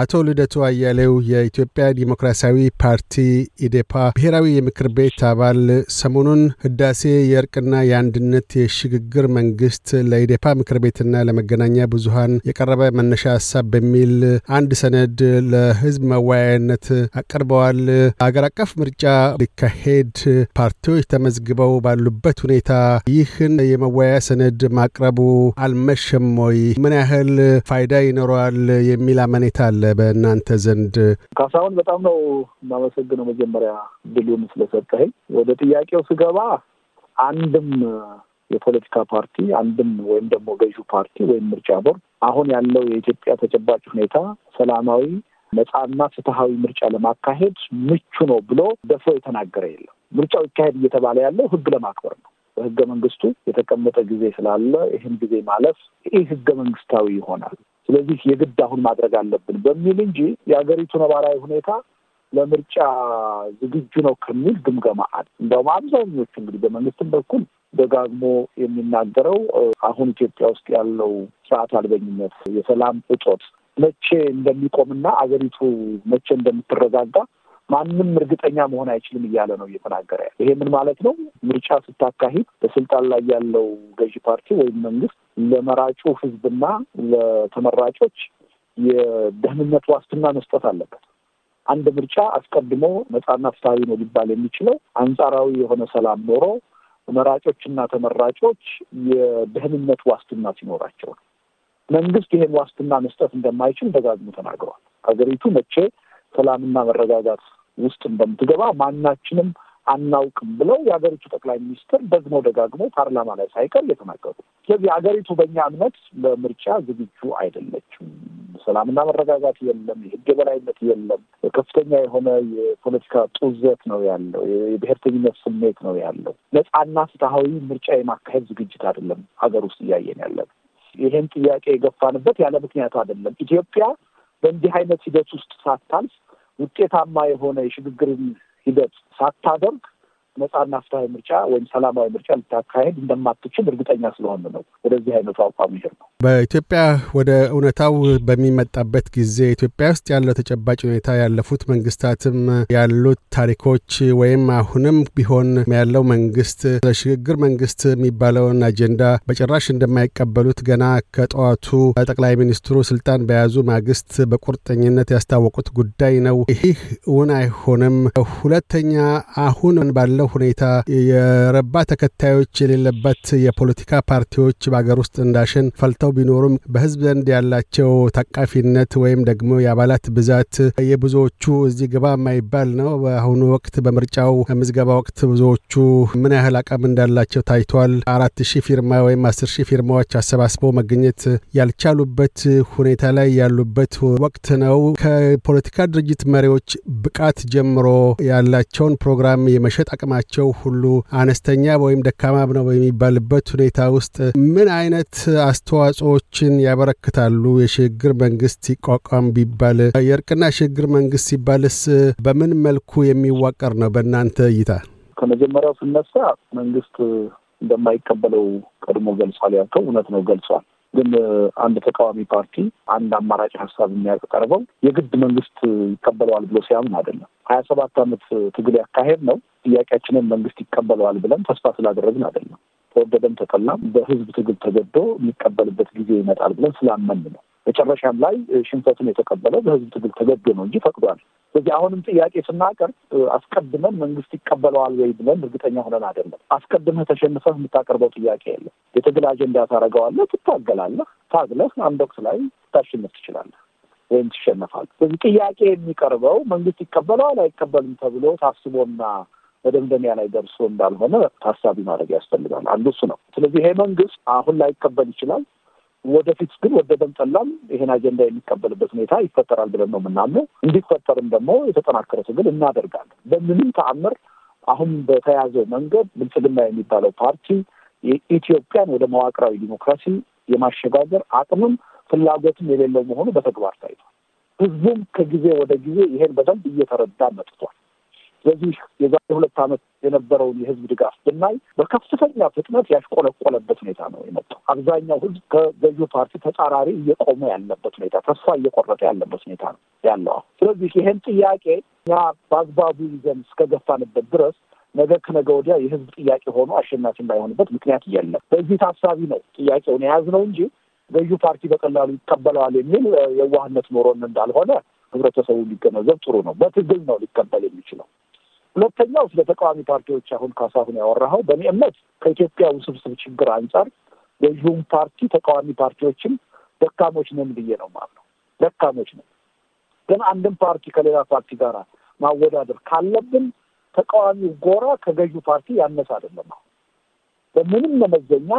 አቶ ልደቱ አያሌው የኢትዮጵያ ዲሞክራሲያዊ ፓርቲ ኢዴፓ ብሔራዊ የምክር ቤት አባል፣ ሰሞኑን ህዳሴ የእርቅና የአንድነት የሽግግር መንግስት ለኢዴፓ ምክር ቤትና ለመገናኛ ብዙሀን የቀረበ መነሻ ሀሳብ በሚል አንድ ሰነድ ለህዝብ መወያያነት አቅርበዋል። አገር አቀፍ ምርጫ ሊካሄድ ፓርቲዎች ተመዝግበው ባሉበት ሁኔታ ይህን የመወያያ ሰነድ ማቅረቡ አልመሸም ወይ? ምን ያህል ፋይዳ ይኖረዋል የሚል አመኔታ አለ በእናንተ ዘንድ? ካሳሁን በጣም ነው የማመሰግነው መጀመሪያ ድሉን ስለሰጠኸኝ። ወደ ጥያቄው ስገባ አንድም የፖለቲካ ፓርቲ አንድም ወይም ደግሞ ገዢ ፓርቲ ወይም ምርጫ ቦርድ አሁን ያለው የኢትዮጵያ ተጨባጭ ሁኔታ ሰላማዊ ነፃና ፍትሐዊ ምርጫ ለማካሄድ ምቹ ነው ብሎ ደፍሮ የተናገረ የለም። ምርጫው ይካሄድ እየተባለ ያለው ህግ ለማክበር ነው። በህገ መንግስቱ የተቀመጠ ጊዜ ስላለ ይህን ጊዜ ማለፍ ይህ ህገ መንግስታዊ ይሆናል ስለዚህ የግድ አሁን ማድረግ አለብን በሚል እንጂ የሀገሪቱ ነባራዊ ሁኔታ ለምርጫ ዝግጁ ነው ከሚል ግምገማ አለ። እንደውም አብዛኞቹ እንግዲህ በመንግስትም በኩል ደጋግሞ የሚናገረው አሁን ኢትዮጵያ ውስጥ ያለው ስርዓት አልበኝነት፣ የሰላም እጦት መቼ እንደሚቆምና አገሪቱ መቼ እንደምትረጋጋ ማንም እርግጠኛ መሆን አይችልም እያለ ነው እየተናገረ ያለ። ይሄ ምን ማለት ነው? ምርጫ ስታካሂድ በስልጣን ላይ ያለው ገዢ ፓርቲ ወይም መንግስት ለመራጩ ህዝብና ለተመራጮች የደህንነት ዋስትና መስጠት አለበት። አንድ ምርጫ አስቀድሞ ነጻና ፍትሐዊ ነው ሊባል የሚችለው አንጻራዊ የሆነ ሰላም ኖሮ መራጮችና ተመራጮች የደህንነት ዋስትና ሲኖራቸው ነው። መንግስት ይሄን ዋስትና መስጠት እንደማይችል ደጋግሞ ተናግሯል። ሀገሪቱ መቼ ሰላምና መረጋጋት ውስጥ እንደምትገባ ማናችንም አናውቅም ብለው የሀገሪቱ ጠቅላይ ሚኒስትር ደግሞ ደጋግሞ ፓርላማ ላይ ሳይቀር እየተናገሩ ስለዚህ ሀገሪቱ በእኛ እምነት ለምርጫ ዝግጁ አይደለችም። ሰላምና መረጋጋት የለም፣ የህግ የበላይነት የለም፣ ከፍተኛ የሆነ የፖለቲካ ጡዘት ነው ያለው፣ የብሔርተኝነት ስሜት ነው ያለው። ነፃና ፍትሐዊ ምርጫ የማካሄድ ዝግጅት አይደለም ሀገር ውስጥ እያየን ያለን። ይህን ጥያቄ የገፋንበት ያለ ምክንያቱ አይደለም። ኢትዮጵያ በእንዲህ አይነት ሂደት ውስጥ ሳታልፍ ውጤታማ የሆነ የሽግግርን ሂደት ሳታደርግ ነጻና ፍትሐዊ ምርጫ ወይም ሰላማዊ ምርጫ ልታካሄድ እንደማትችል እርግጠኛ ስለሆነ ነው ወደዚህ አይነቱ አቋም ይሄድ ነው። በኢትዮጵያ ወደ እውነታው በሚመጣበት ጊዜ ኢትዮጵያ ውስጥ ያለው ተጨባጭ ሁኔታ ያለፉት መንግስታትም ያሉት ታሪኮች ወይም አሁንም ቢሆን ያለው መንግስት ለሽግግር መንግስት የሚባለውን አጀንዳ በጭራሽ እንደማይቀበሉት ገና ከጠዋቱ ጠቅላይ ሚኒስትሩ ስልጣን በያዙ ማግስት በቁርጠኝነት ያስታወቁት ጉዳይ ነው። ይህ እውን አይሆንም። ሁለተኛ አሁን ባለው ያለው ሁኔታ የረባ ተከታዮች የሌለበት የፖለቲካ ፓርቲዎች በሀገር ውስጥ እንዳሸን ፈልተው ቢኖሩም በህዝብ ዘንድ ያላቸው ታቃፊነት ወይም ደግሞ የአባላት ብዛት የብዙዎቹ እዚህ ግባ የማይባል ነው። በአሁኑ ወቅት በምርጫው ምዝገባ ወቅት ብዙዎቹ ምን ያህል አቅም እንዳላቸው ታይቷል። አራት ሺህ ፊርማ ወይም አስር ሺህ ፊርማዎች አሰባስበው መገኘት ያልቻሉበት ሁኔታ ላይ ያሉበት ወቅት ነው። ከፖለቲካ ድርጅት መሪዎች ብቃት ጀምሮ ያላቸውን ፕሮግራም የመሸጥ አቅም አቅማቸው ሁሉ አነስተኛ ወይም ደካማ ነው በሚባልበት ሁኔታ ውስጥ ምን አይነት አስተዋጽኦዎችን ያበረክታሉ? የሽግግር መንግስት ሲቋቋም ቢባል የእርቅና ሽግግር መንግስት ሲባልስ በምን መልኩ የሚዋቀር ነው በእናንተ እይታ? ከመጀመሪያው ስነሳ መንግስት እንደማይቀበለው ቀድሞ ገልጿል። ያልከው እውነት ነው፣ ገልጿል። ግን አንድ ተቃዋሚ ፓርቲ አንድ አማራጭ ሀሳብ የሚያቀርበው የግድ መንግስት ይቀበለዋል ብሎ ሲያምን አይደለም። ሀያ ሰባት አመት ትግል ያካሄድ ነው ጥያቄያችንን መንግስት ይቀበለዋል ብለን ተስፋ ስላደረግን አይደለም። ተወደደም ተጠላም በህዝብ ትግል ተገዶ የሚቀበልበት ጊዜ ይመጣል ብለን ስላመን ነው። መጨረሻም ላይ ሽንፈቱን የተቀበለው በህዝብ ትግል ተገዶ ነው እንጂ ፈቅዷል። ስለዚህ አሁንም ጥያቄ ስናቀርብ አስቀድመን መንግስት ይቀበለዋል ወይ ብለን እርግጠኛ ሆነን አይደለም። አስቀድመህ ተሸንፈህ የምታቀርበው ጥያቄ የለም። የትግል አጀንዳ ታደርገዋለህ፣ ትታገላለህ። ታግለህ አንድ ወቅት ላይ ታሸንፍ ትችላለህ ወይም ትሸነፋለህ። ስለዚህ ጥያቄ የሚቀርበው መንግስት ይቀበለዋል አይቀበልም ተብሎ ታስቦና መደምደሚያ ላይ ደርሶ እንዳልሆነ ታሳቢ ማድረግ ያስፈልጋል። አንዱ እሱ ነው። ስለዚህ ይሄ መንግስት አሁን ላይቀበል ይችላል። ወደፊት ግን ወደደም ጠላም ይሄን አጀንዳ የሚቀበልበት ሁኔታ ይፈጠራል ብለን ነው የምናምነው። እንዲፈጠርም ደግሞ የተጠናከረ ትግል እናደርጋለን። በምንም ተአምር አሁን በተያዘው መንገድ ብልጽግና የሚባለው ፓርቲ የኢትዮጵያን ወደ መዋቅራዊ ዲሞክራሲ የማሸጋገር አቅምም ፍላጎትም የሌለው መሆኑ በተግባር ታይቷል። ህዝቡም ከጊዜ ወደ ጊዜ ይሄን በደንብ እየተረዳ መጥቷል። በዚህ የዛሬ ሁለት ዓመት የነበረውን የህዝብ ድጋፍ ብናይ በከፍተኛ ፍጥነት ያሽቆለቆለበት ሁኔታ ነው የመጣው። አብዛኛው ህዝብ ከገዢው ፓርቲ ተጻራሪ እየቆመ ያለበት ሁኔታ፣ ተስፋ እየቆረጠ ያለበት ሁኔታ ነው ያለው። ስለዚህ ይህን ጥያቄ እኛ በአግባቡ ይዘን እስከገፋንበት ድረስ ነገ ከነገ ወዲያ የህዝብ ጥያቄ ሆኖ አሸናፊ እንዳይሆንበት ምክንያት የለም። በዚህ ታሳቢ ነው ጥያቄውን የያዝነው እንጂ ገዢው ፓርቲ በቀላሉ ይቀበለዋል የሚል የዋህነት ኖሮን እንዳልሆነ ህብረተሰቡ ሊገነዘብ ጥሩ ነው። በትግል ነው ሊቀበል የሚችለው። ሁለተኛው ስለ ተቃዋሚ ፓርቲዎች አሁን ካሳሁን ያወራኸው በእኔ እምነት ከኢትዮጵያ ውስብስብ ችግር አንጻር ገዥውም ፓርቲ ተቃዋሚ ፓርቲዎችም ደካሞች ነን ብዬ ነው የማምነው። ደካሞች ነን። ግን አንድም ፓርቲ ከሌላ ፓርቲ ጋር ማወዳደር ካለብን ተቃዋሚው ጎራ ከገዢ ፓርቲ ያነሰ አይደለም። አሁን በምንም መመዘኛ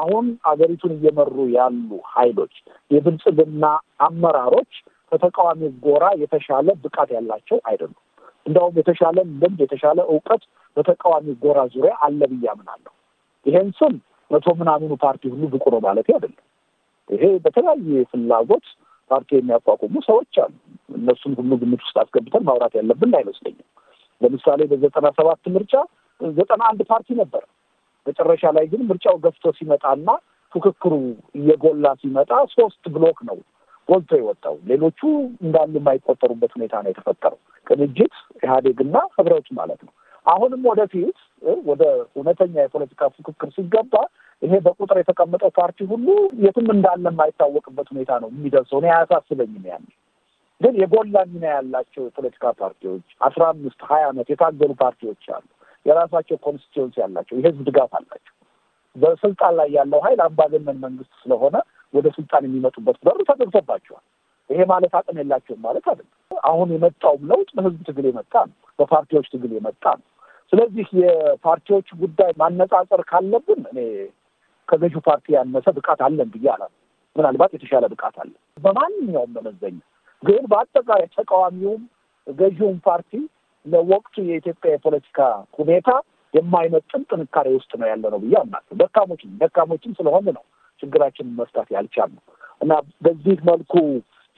አሁን አገሪቱን እየመሩ ያሉ ኃይሎች የብልጽግና አመራሮች ከተቃዋሚ ጎራ የተሻለ ብቃት ያላቸው አይደሉም። እንደውም የተሻለ ልምድ የተሻለ እውቀት በተቃዋሚ ጎራ ዙሪያ አለ ብዬ አምናለሁ። ይሄን ስም መቶ ምናምኑ ፓርቲ ሁሉ ብቁ ነው ማለት አይደለም። ይሄ በተለያየ ፍላጎት ፓርቲ የሚያቋቁሙ ሰዎች አሉ። እነሱን ሁሉ ግምት ውስጥ አስገብተን ማውራት ያለብን አይመስለኝም። ለምሳሌ በዘጠና ሰባት ምርጫ ዘጠና አንድ ፓርቲ ነበር። መጨረሻ ላይ ግን ምርጫው ገፍቶ ሲመጣና ፉክክሩ እየጎላ ሲመጣ ሶስት ብሎክ ነው ጎልቶ የወጣው። ሌሎቹ እንዳሉ የማይቆጠሩበት ሁኔታ ነው የተፈጠረው። ቅንጅት ኢህአዴግና ህብረቱ ማለት ነው። አሁንም ወደፊት ወደ እውነተኛ የፖለቲካ ፉክክር ሲገባ ይሄ በቁጥር የተቀመጠው ፓርቲ ሁሉ የትም እንዳለ የማይታወቅበት ሁኔታ ነው የሚደርሰው። እኔ አያሳስበኝም። ያን ግን የጎላ ሚና ያላቸው የፖለቲካ ፓርቲዎች አስራ አምስት ሀያ ዓመት የታገሉ ፓርቲዎች አሉ። የራሳቸው ኮንስቲትዌንስ ያላቸው የህዝብ ድጋፍ አላቸው። በስልጣን ላይ ያለው ሀይል አምባገነን መንግስት ስለሆነ ወደ ስልጣን የሚመጡበት በሩ ተዘግቶባቸዋል። ይሄ ማለት አቅም የላቸውም ማለት አይደለም። አሁን የመጣውም ለውጥ በህዝብ ትግል የመጣ ነው፣ በፓርቲዎች ትግል የመጣ ነው። ስለዚህ የፓርቲዎች ጉዳይ ማነጻጸር ካለብን እኔ ከገዢው ፓርቲ ያነሰ ብቃት አለን ብዬ አላ ምናልባት የተሻለ ብቃት አለ በማንኛውም መመዘኛ። ግን በአጠቃላይ ተቃዋሚውም ገዢውም ፓርቲ ለወቅቱ የኢትዮጵያ የፖለቲካ ሁኔታ የማይመጥን ጥንካሬ ውስጥ ነው ያለ ነው ብዬ አምናለሁ። ደካሞችን ደካሞችን ስለሆነ ነው ችግራችንን መፍታት ያልቻሉ እና በዚህ መልኩ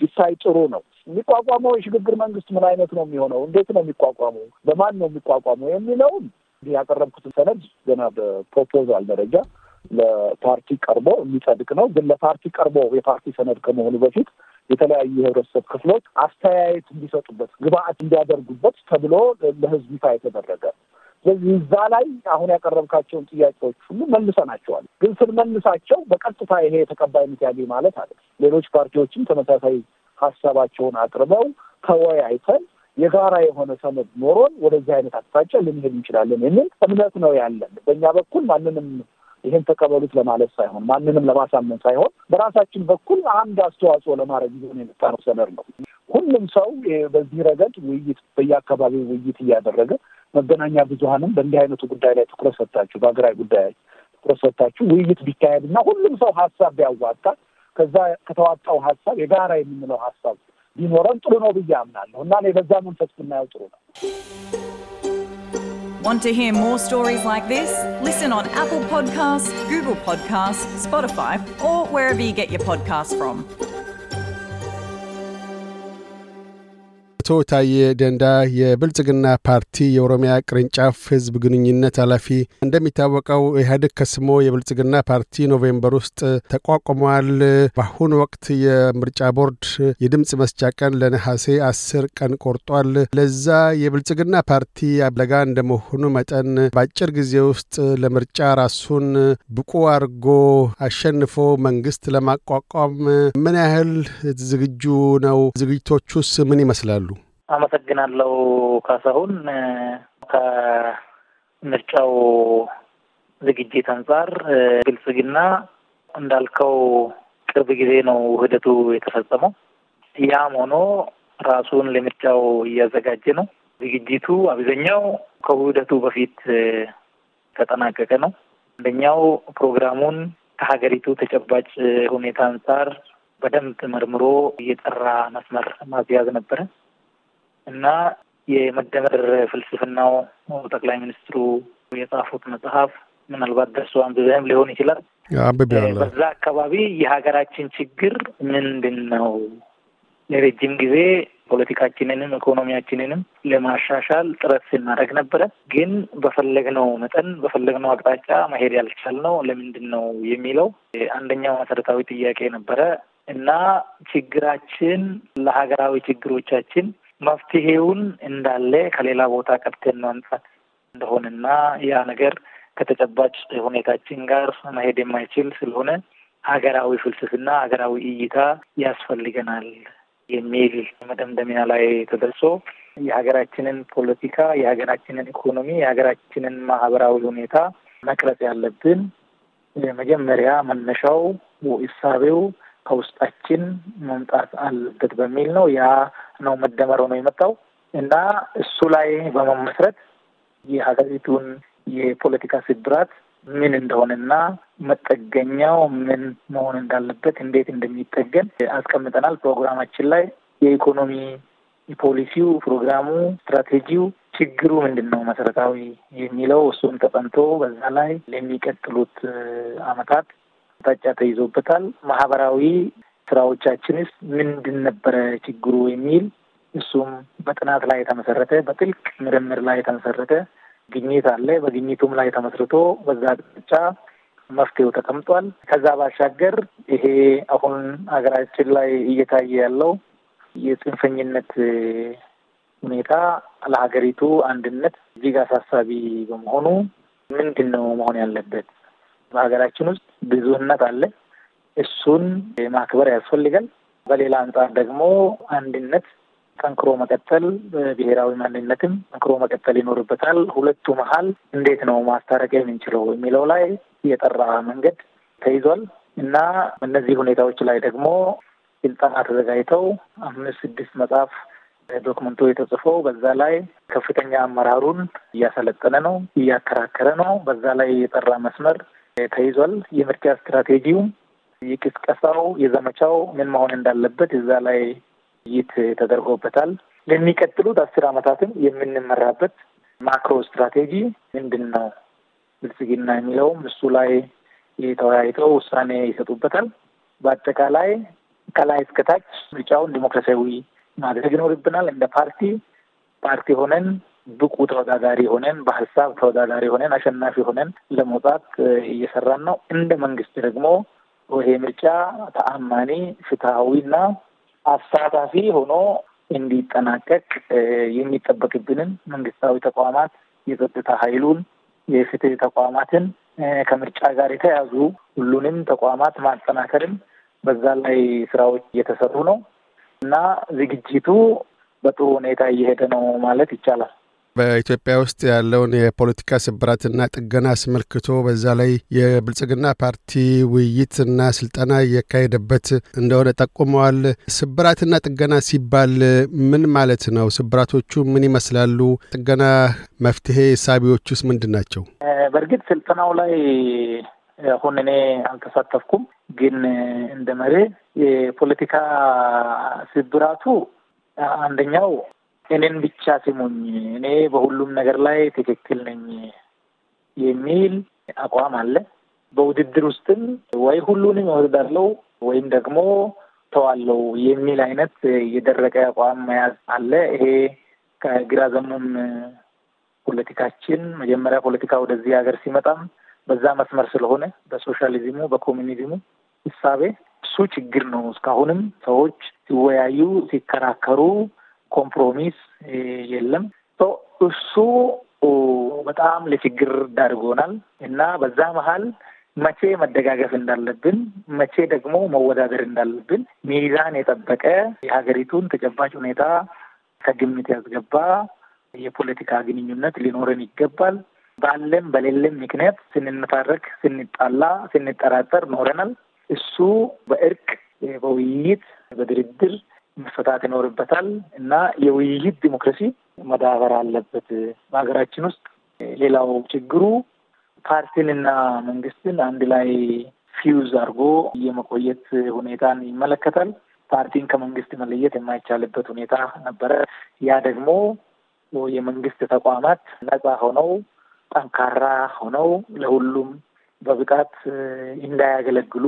ይሳይ ጥሩ ነው። የሚቋቋመው የሽግግር መንግስት ምን አይነት ነው የሚሆነው፣ እንዴት ነው የሚቋቋመው፣ በማን ነው የሚቋቋመው የሚለውን ያቀረብኩትን ሰነድ ገና በፕሮፖዛል ደረጃ ለፓርቲ ቀርቦ የሚጸድቅ ነው። ግን ለፓርቲ ቀርቦ የፓርቲ ሰነድ ከመሆኑ በፊት የተለያዩ የህብረተሰብ ክፍሎች አስተያየት እንዲሰጡበት፣ ግብአት እንዲያደርጉበት ተብሎ ለህዝብ ይፋ የተደረገ ስለዚህ እዛ ላይ አሁን ያቀረብካቸውን ጥያቄዎች ሁሉ መልሰናቸዋል። ግን ስንመልሳቸው በቀጥታ ይሄ ተቀባይነት ያገኝ ማለት አለ። ሌሎች ፓርቲዎችም ተመሳሳይ ሀሳባቸውን አቅርበው ተወያይተን የጋራ የሆነ ሰነድ ኖሮን ወደዚህ አይነት አቅጣጫ ልንሄድ እንችላለን የሚል እምነት ነው ያለን። በእኛ በኩል ማንንም ይህን ተቀበሉት ለማለት ሳይሆን ማንንም ለማሳመን ሳይሆን በራሳችን በኩል አንድ አስተዋጽኦ ለማድረግ ይዞን የመጣነው ሰነድ ነው። ሁሉም ሰው በዚህ ረገድ ውይይት በየአካባቢው ውይይት እያደረገ መገናኛ ብዙኃንም በእንዲህ አይነቱ ጉዳይ ላይ ትኩረት ሰጥታችሁ፣ በሀገራዊ ጉዳይ ትኩረት ሰጥታችሁ ውይይት ቢካሄድና ሁሉም ሰው ሀሳብ ቢያዋጣ ከዛ ከተዋጣው ሀሳብ የጋራ የምንለው ሀሳብ ቢኖረን ጥሩ ነው ብዬ አምናለሁ እና እኔ በዛ መንፈስ ብናየው ጥሩ ነው። Want to hear more stories like this? Listen on Apple Podcasts, Google Podcasts, Spotify, or wherever you get your podcasts from. በወቅቱ ታዬ ደንዳ የብልጽግና ፓርቲ የኦሮሚያ ቅርንጫፍ ህዝብ ግንኙነት ኃላፊ፣ እንደሚታወቀው ኢህአዴግ ከስሞ የብልጽግና ፓርቲ ኖቬምበር ውስጥ ተቋቁሟል። በአሁኑ ወቅት የምርጫ ቦርድ የድምፅ መስጫ ቀን ለነሐሴ አስር ቀን ቆርጧል። ለዛ የብልጽግና ፓርቲ አለጋ እንደመሆኑ መጠን በአጭር ጊዜ ውስጥ ለምርጫ ራሱን ብቁ አድርጎ አሸንፎ መንግስት ለማቋቋም ምን ያህል ዝግጁ ነው? ዝግጅቶቹስ ምን ይመስላሉ? አመሰግናለሁ ካሳሁን። ከምርጫው ዝግጅት አንጻር ብልጽግና እንዳልከው ቅርብ ጊዜ ነው ውህደቱ የተፈጸመው። ያም ሆኖ ራሱን ለምርጫው እያዘጋጀ ነው። ዝግጅቱ አብዛኛው ከውህደቱ በፊት ተጠናቀቀ ነው። አንደኛው ፕሮግራሙን ከሀገሪቱ ተጨባጭ ሁኔታ አንጻር በደንብ መርምሮ እየጠራ መስመር ማስያዝ ነበረ። እና የመደመር ፍልስፍናው ጠቅላይ ሚኒስትሩ የጻፉት መጽሐፍ ምናልባት ደርሶ አንብበህም ሊሆን ይችላል። በዛ አካባቢ የሀገራችን ችግር ምንድን ነው? ለረጅም ጊዜ ፖለቲካችንንም ኢኮኖሚያችንንም ለማሻሻል ጥረት ስናደርግ ነበረ። ግን በፈለግነው መጠን በፈለግነው አቅጣጫ መሄድ ያልቻልነው ለምንድን ነው የሚለው አንደኛው መሰረታዊ ጥያቄ ነበረ እና ችግራችን ለሀገራዊ ችግሮቻችን መፍትሄውን እንዳለ ከሌላ ቦታ ቀብተን ማምጣት እንደሆነና ያ ነገር ከተጨባጭ ሁኔታችን ጋር መሄድ የማይችል ስለሆነ ሀገራዊ ፍልስፍና፣ ሀገራዊ እይታ ያስፈልገናል የሚል መደምደሚያ ላይ ተደርሶ የሀገራችንን ፖለቲካ፣ የሀገራችንን ኢኮኖሚ፣ የሀገራችንን ማህበራዊ ሁኔታ መቅረጽ ያለብን የመጀመሪያ መነሻው እሳቤው ከውስጣችን መምጣት አለበት በሚል ነው። ያ ነው መደመር ነው የመጣው እና እሱ ላይ በመመስረት የሀገሪቱን የፖለቲካ ስብራት ምን እንደሆነና መጠገኛው ምን መሆን እንዳለበት እንዴት እንደሚጠገን አስቀምጠናል ፕሮግራማችን ላይ። የኢኮኖሚ የፖሊሲው ፕሮግራሙ፣ ስትራቴጂው ችግሩ ምንድን ነው መሰረታዊ የሚለው እሱን ተጠንቶ በዛ ላይ ለሚቀጥሉት አመታት አቅጣጫ ተይዞበታል። ማህበራዊ ስራዎቻችንስ ምንድን ነበረ ችግሩ የሚል እሱም በጥናት ላይ የተመሰረተ በጥልቅ ምርምር ላይ የተመሰረተ ግኝት አለ። በግኝቱም ላይ ተመስርቶ በዛ አቅጣጫ መፍትሄው ተቀምጧል። ከዛ ባሻገር ይሄ አሁን ሀገራችን ላይ እየታየ ያለው የጽንፈኝነት ሁኔታ ለሀገሪቱ አንድነት እጅግ አሳሳቢ በመሆኑ ምንድን ነው መሆን ያለበት በሀገራችን ውስጥ ብዙነት አለ። እሱን ማክበር ያስፈልጋል። በሌላ አንጻር ደግሞ አንድነት ጠንክሮ መቀጠል፣ ብሔራዊ ማንነትም ጠንክሮ መቀጠል ይኖርበታል። ሁለቱ መሀል እንዴት ነው ማስታረቅ የምንችለው የሚለው ላይ የጠራ መንገድ ተይዟል እና እነዚህ ሁኔታዎች ላይ ደግሞ ስልጠና ተዘጋጅተው አምስት ስድስት መጽሐፍ ዶክመንቶ የተጽፈው በዛ ላይ ከፍተኛ አመራሩን እያሰለጠነ ነው፣ እያከራከረ ነው። በዛ ላይ የጠራ መስመር ተይዟል። የምርጫ ስትራቴጂው፣ የቅስቀሳው፣ የዘመቻው ምን መሆን እንዳለበት እዛ ላይ ይት ተደርጎበታል። ለሚቀጥሉት አስር ዓመታትም የምንመራበት ማክሮ ስትራቴጂ ምንድን ነው ብልጽግና የሚለውም እሱ ላይ ተወያይተው ውሳኔ ይሰጡበታል። በአጠቃላይ ከላይ እስከታች ምርጫውን ዲሞክራሲያዊ ማድረግ ይኖርብናል። እንደ ፓርቲ ፓርቲ ሆነን ብቁ ተወዳዳሪ ሆነን በሀሳብ ተወዳዳሪ ሆነን አሸናፊ ሆነን ለመውጣት እየሰራን ነው። እንደ መንግስት ደግሞ ይሄ ምርጫ ተአማኒ ፍትሐዊና አሳታፊ ሆኖ እንዲጠናቀቅ የሚጠበቅብንን መንግስታዊ ተቋማት የጸጥታ ኃይሉን የፍትህ ተቋማትን ከምርጫ ጋር የተያዙ ሁሉንም ተቋማት ማጠናከርም በዛ ላይ ስራዎች እየተሰሩ ነው እና ዝግጅቱ በጥሩ ሁኔታ እየሄደ ነው ማለት ይቻላል። በኢትዮጵያ ውስጥ ያለውን የፖለቲካ ስብራትና ጥገና አስመልክቶ በዛ ላይ የብልጽግና ፓርቲ ውይይትና ስልጠና እየካሄደበት እንደሆነ ጠቁመዋል። ስብራትና ጥገና ሲባል ምን ማለት ነው? ስብራቶቹ ምን ይመስላሉ? ጥገና መፍትሄ ሳቢዎች ውስጥ ምንድን ናቸው? በእርግጥ ስልጠናው ላይ አሁን እኔ አልተሳተፍኩም፣ ግን እንደ መሬ የፖለቲካ ስብራቱ አንደኛው እኔን ብቻ ስሙኝ፣ እኔ በሁሉም ነገር ላይ ትክክል ነኝ የሚል አቋም አለ። በውድድር ውስጥም ወይ ሁሉንም እወዳለሁ ወይም ደግሞ ተዋለው የሚል አይነት የደረቀ አቋም መያዝ አለ። ይሄ ከግራ ዘመም ፖለቲካችን መጀመሪያ ፖለቲካ ወደዚህ ሀገር ሲመጣም በዛ መስመር ስለሆነ በሶሻሊዝሙ በኮሚኒዝሙ እሳቤ እሱ ችግር ነው። እስካሁንም ሰዎች ሲወያዩ ሲከራከሩ ኮምፕሮሚስ የለም። እሱ በጣም ለችግር ዳርጎናል እና በዛ መሀል መቼ መደጋገፍ እንዳለብን መቼ ደግሞ መወዳደር እንዳለብን ሚዛን የጠበቀ የሀገሪቱን ተጨባጭ ሁኔታ ከግምት ያስገባ የፖለቲካ ግንኙነት ሊኖረን ይገባል። ባለም በሌለም ምክንያት ስንነታረክ፣ ስንጣላ፣ ስንጠራጠር ኖረናል። እሱ በእርቅ በውይይት፣ በድርድር መፈታት ይኖርበታል እና የውይይት ዲሞክራሲ መዳበር አለበት በሀገራችን ውስጥ። ሌላው ችግሩ ፓርቲንና መንግስትን አንድ ላይ ፊውዝ አድርጎ የመቆየት ሁኔታን ይመለከታል። ፓርቲን ከመንግስት መለየት የማይቻልበት ሁኔታ ነበረ። ያ ደግሞ የመንግስት ተቋማት ነጻ ሆነው ጠንካራ ሆነው ለሁሉም በብቃት እንዳያገለግሉ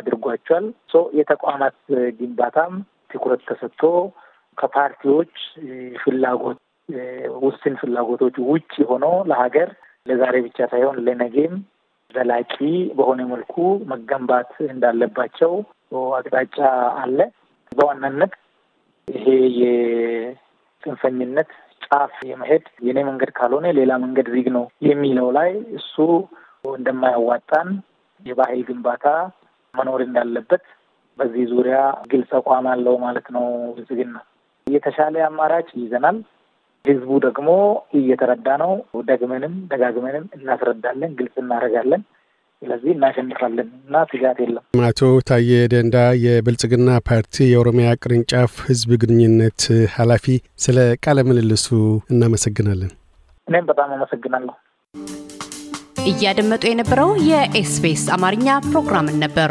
አድርጓቸዋል። የተቋማት ግንባታም ትኩረት ተሰጥቶ ከፓርቲዎች ፍላጎት ውስን ፍላጎቶች ውጭ ሆኖ ለሀገር ለዛሬ ብቻ ሳይሆን ለነገም ዘላቂ በሆነ መልኩ መገንባት እንዳለባቸው አቅጣጫ አለ። በዋናነት ይሄ የጽንፈኝነት ጫፍ የመሄድ የኔ መንገድ ካልሆነ ሌላ መንገድ ዝግ ነው የሚለው ላይ እሱ እንደማያዋጣን የባህል ግንባታ መኖር እንዳለበት በዚህ ዙሪያ ግልጽ አቋም አለው ማለት ነው ብልጽግና። የተሻለ አማራጭ ይዘናል። ህዝቡ ደግሞ እየተረዳ ነው። ደግመንም ደጋግመንም እናስረዳለን፣ ግልጽ እናደርጋለን። ስለዚህ እናሸንፋለን እና ስጋት የለም። አቶ ታዬ ደንዳ የብልጽግና ፓርቲ የኦሮሚያ ቅርንጫፍ ህዝብ ግንኙነት ኃላፊ፣ ስለ ቃለ ምልልሱ እናመሰግናለን። እኔም በጣም አመሰግናለሁ። እያደመጡ የነበረው የኤስቢኤስ አማርኛ ፕሮግራምን ነበር።